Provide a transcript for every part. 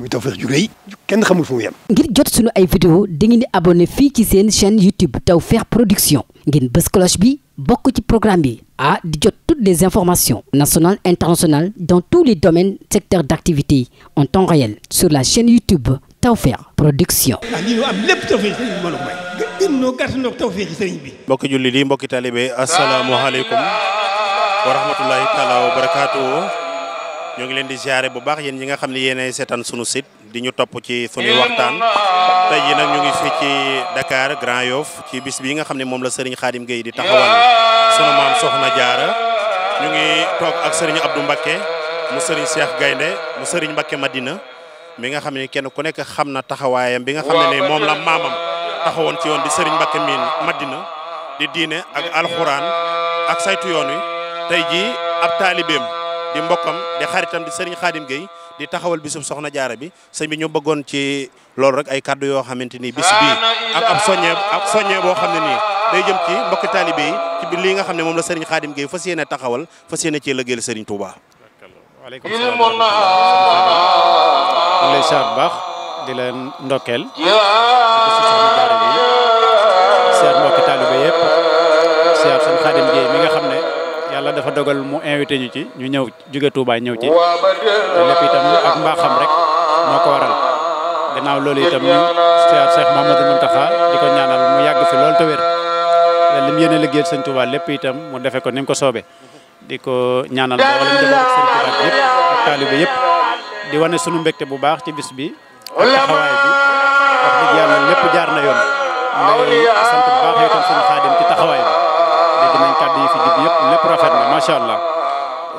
muy Tawfekh ju rëy kenn xamul fu mu yem. ngir jot sunu ay vidéo dangeen di abonné fii ci seen chaîne YouTube Tawfekh Production ngeen bës bi bokk ci programme bi ah di jot toutes les informations nationales internationales dans tous les domaines secteurs d'activité en temps réel sur la chaîne YouTube Tawfekh Production. ah lii am lépp Tawfekh sëriñ bi may. gën noo gàtt mbokki jullit yi mbokki taalibe asalaamaaleykum wa ñoo ngi leen di ziare bu baax yéen ñi nga xam ne yéenay seetaan sunu site di ñu topp ci sunuy waxtaan tey jii nag ñu ngi fii ci Dakar Grand Yoff ci bis bi nga xam ne moom la Serigne Khadim Gueye di taxawal sunu maam Soxna Jaara ñu ngi toog ak Serigne Abdou Mbacké mu Serigne Cheikh Gaynde mu Serigne Mbacké Madina mi nga xam ne kenn ku nekk xam na taxawaayam bi nga xam ne moom la maamam taxawoon ci yoon di sëriñ Mbacké miin Madina di diine ak alxuraan ak saytu yoon di mbokkam di xaritam di Serigne Khadim Gueye di taxawal bisub soxna jaara bi sëñ bi ñu bëggoon ci loolu rek ay kàddu yoo xamante ni bis bii ak ab soññe ak soññe boo xam ne nii day jëm ci mbokki taalibe yi bi lii nga xam ne moom la Serigne Khadim Gueye fas yéene taxawal fas yéene cee lëggeel Serigne Touba. waaleykum salaam wa rahmatulah. di lay baax di leen dogal mu invité ñu ci ñu ñëw jóge Touba ñëw ci te lépp itam ak mbaaxam rek moo ko waral gannaaw loolu itam ñu siyaar Cheikh Mouhamadou Mountakha di ko ñaanal mu yàgg fi loolu te wér li mu yéene liggéeyal sëñ Touba lépp itam mu defe ko ni ko soobee di ko ñaanal mboolem njaboot yëpp ak yëpp di wane sunu mbégte bu baax ci bis bi ak taxawaay bi wax dëgg yàlla jaar na yoon. ñu sant bu baax itam sunu xaadim ci taxawaay dégg nañ kàddu yi fi jub yëpp lépp rafet na macha allah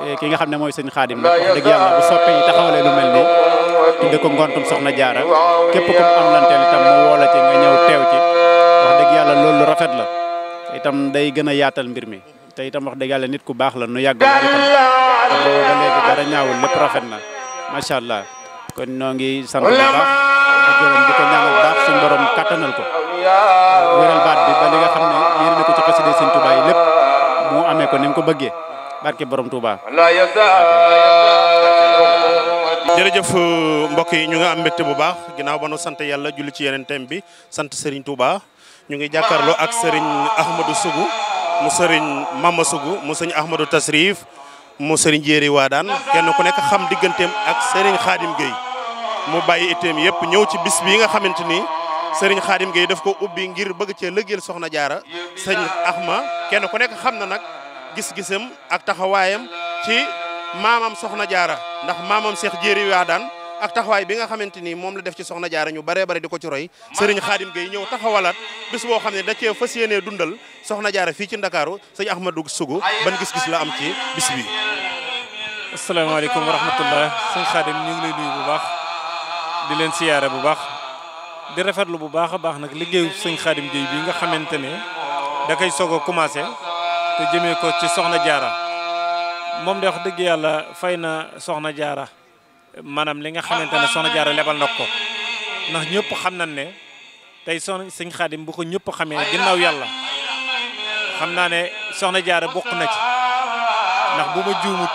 eh, ki nga xam ne mooy seen xaadim nag wax dëgg yi taxawalee lu mel nii tudde ko ngontum soxna jaara képp ku am lanteel itam mu woola ci nga ñëw teew ci wax dëgg yàlla loolu rafet la itam day gën a yaatal mbir mi te itam wax dëgg yàlla nit ku baax la nu yàgg itam te boobu ba léegi dara ñaawul lépp rafet na macha allah kon noo ngi sant bu baax di gërëm di ko ñaanal baax suñu ko wéral baat bi ba li nga xam ko bëggee barke borom Touba. jërëjëf mbokk yi ñu nga am mbégte bu baax ginnaaw ba nu sant yàlla julli ci yeneen thème bi sant Serigne Touba ñu ngi jàkkaarloo ak Serigne Ahmadou Sougou mu Serigne Mama Sougou mu Serigne Ahmadou Tasrif mu Serigne waa daan kenn ku nekk xam digganteem ak Serigne Khadim Gueye mu bàyyi item yëpp ñëw ci bis bii nga xamante ni Serigne Khadim Gueye daf ko ubbi ngir bëgg cee lëggeel soxna jaara Serigne Ahma kenn ku nekk xam na nag. gis-gisam ak taxawaayam ci maamam soxna jaara ndax maamam Cheikh Jéeri daan ak taxawaay bi nga xamante ni moom la def ci soxna jaara ñu baree bare di ko ci roy sëriñ Xaadim Gueye ñëw taxawalaat bis boo xam ne da cee fas yéenee dundal soxna jaara fii ci ndakaaru sëñ Ahmadou Sougou ban gis-gis la am ci bis bi asalaamaaleykum wa rahmatullah sëñ Xaadim ñu ngi lay nuyu bu baax di leen siyaare bu baax di rafetlu bu baax a baax nag liggéeyu sëñ Xaadim Gueye bi nga xamante ne da koy soog a te jëmee ko ci soxna jaara moom de wax dëgg yàlla fay na soxna jaara maanaam li nga xamante ne soxna jaara lebal nag ko ndax ñëpp xam na ne tey soxna sëñ xaadim bu ko ñëpp xamee ginnaaw yàlla xam naa ne soxna jaara bokk na ci ndax bu ma juumut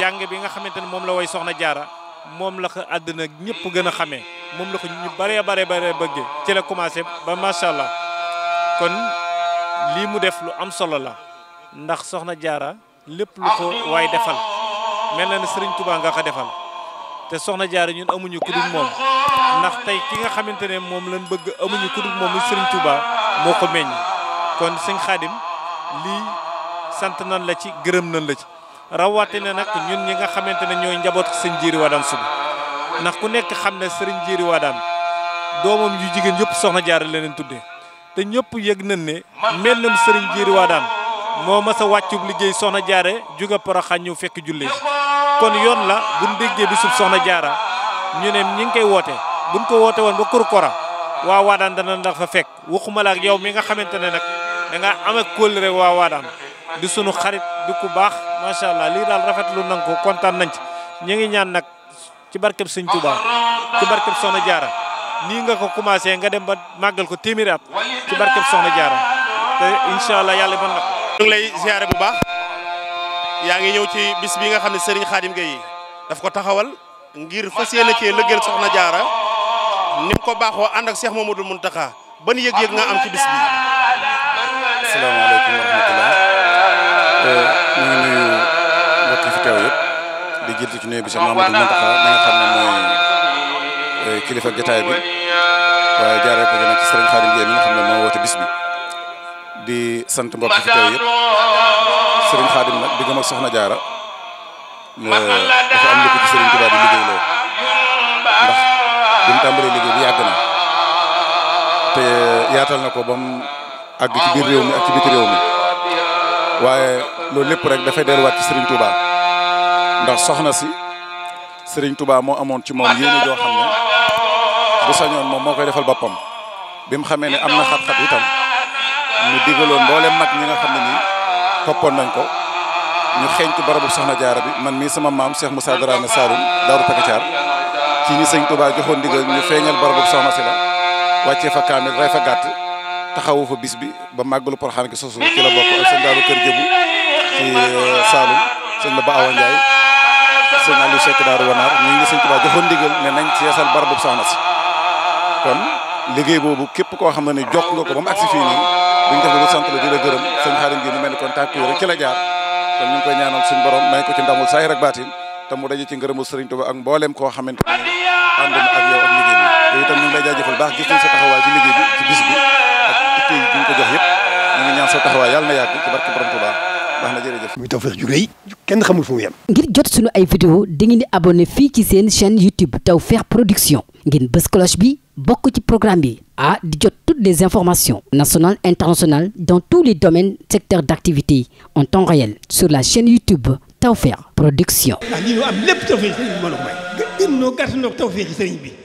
jàng bi nga xamante ne moom la way soxna jaara moom la ko àddina ñëpp gën a xamee moom la ko ñu bare bare bare bëgge ci la commencé ba macha allah kon lii mu def lu am solo la ndax soxna jaara lépp lu ko waaye defal mel na ne sëriñ Tuubaa nga ko defal te soxna jaara ñun amuñu ku moom ndax tey ki nga xamante ne moom lañ bëgg amuñu ku moom muy sëriñ Tuubaa moo ko meññ kon sëñ Xaadim lii sant nan la ci gërëm nañ la ci ne nag ñun ñi nga xamante ne ñooy njaboot sëñ Jiiri Wadaan suba ndax ku nekk xam ne sëriñ Jiiri Wadaan doomam yu jigéen yëpp soxna jaara leneen tuddee te ñëpp yëg nañ ne mel na sëriñ Jiiri moo mës a wàccub liggéey soxna jaare juga Porokhane ñëw fekk julli kon yoon la buñ déggee bisub soxna jaara ñu ne ñi ngi koy woote buñ ko woote woon ba kur kora waa waadaan dana ndax fa fekk waxuma la ak yow mi nga xamante ne nag da nga am ak kóllëre waa waadaan sunu xarit di ku baax macha allah lii daal rafetlu nañ ko kontaan nañ ci ñu ngi ñaan nag ci barkeb sëñ Tuubaa ci barkeb soxna jaara nii nga ko commencé nga dem ba màggal ko téeméeri at ci barkeb soxna jaara te incha yàlla mën ñu ngi lay ziare bu baax yaa ngi ñëw ci bis bi nga xam ne Serigne Khadim Gueye daf ko taxawal ngir fas yéene cee lëggeel soxna jaara ni mu ko baaxoo ànd ak Cheikh Mamadou Mountakha ban yëg-yëg nga am ci bis bi. asalaamaaleykum wa rahmatulah euh, ñu bi nga xam ne mooy euh, kilifa jotaay bi waaye jaaree ko nag ci bis bi. di sant mbokk fi teew yëpp Serigne Khadim nag di gëm Soxna Jaara dafa am lu ko ci Serigne liggéey loo ndax bi mu tàmbalee liggéey bi yàgg te yaatal na ko ba mu àgg ci biir réew mi ak ci biti réew mi waaye loolu lépp rek dafay delluwaat ci Serigne Touba ndax soxna si Serigne Touba moo amoon ci moom yéene joo xam ne sañoon moom moo koy defal boppam bi mu xamee ne am na xat-xat itam. mu digaloon mboolem mag ñi nga xam ne nii toppoon nañ ko ñu xeeñtu barabu na jaara bi man mii sama maam Cheikh Moussa Dramé Saloum Daaru Pakacaar ci ñi sëñ Touba joxoon ndigal ñu feeñal barabu soxna si la wàccee fa kaamil rey fa gàtt taxawu fa bis bi ba màggalu Poroxaan gi sosu ci la bokk ak sëñ Daaru Kër Jëbu ci euh, Saloum sëñ la ba Awa Ndiaye sëñ Aliou Cheikh Daaru Wanaar ñi ngi sëñ Touba joxoon ndigal ne nañ ci yeesal barabu soxna si kon liggéey boobu képp koo xam ne jokk nga ko ba mu agsi fii nii duñ def lu sant la di la gërëm sëñ xaadim gi mu mel ni kon tànk yooyu rek ci la jaar kon ñu ngi koy ñaanal suñu borom may ko ci ndamul saahir ak baatin te mu daje ci ngërëmu sëriñ Tuubaa ak mboolem koo xamante ne ànd na ak yow ak liggéey bi yooyu itam ñu ngi lay jaajëfal baax gis nañ sa taxawaay ci liggéey bi ci bis bi ak itte yi ñu ko jox yëpp ñu ngi ñaan sa taxawaay yàlla na yàgg ci barke borom Tuubaa baax na jërëjëf muy Tawfekh ju rëy kenn xamul fu mu yem ngir jot suñu ay vidéo dangeen di abonné fii ci seen chaîne YouTube Tawfekh Production ngeen bës cloche bi bokk ci programme bi ah di jot toutes les informations nationales internationales dans tous les domaines secteurs d'activité en temps réel sur la chaîne YouTube Tawfekh Production. ah lii am lépp tawfeex ci bi mbooloo mooy. gën gën ñoo gàtt ñoo bi.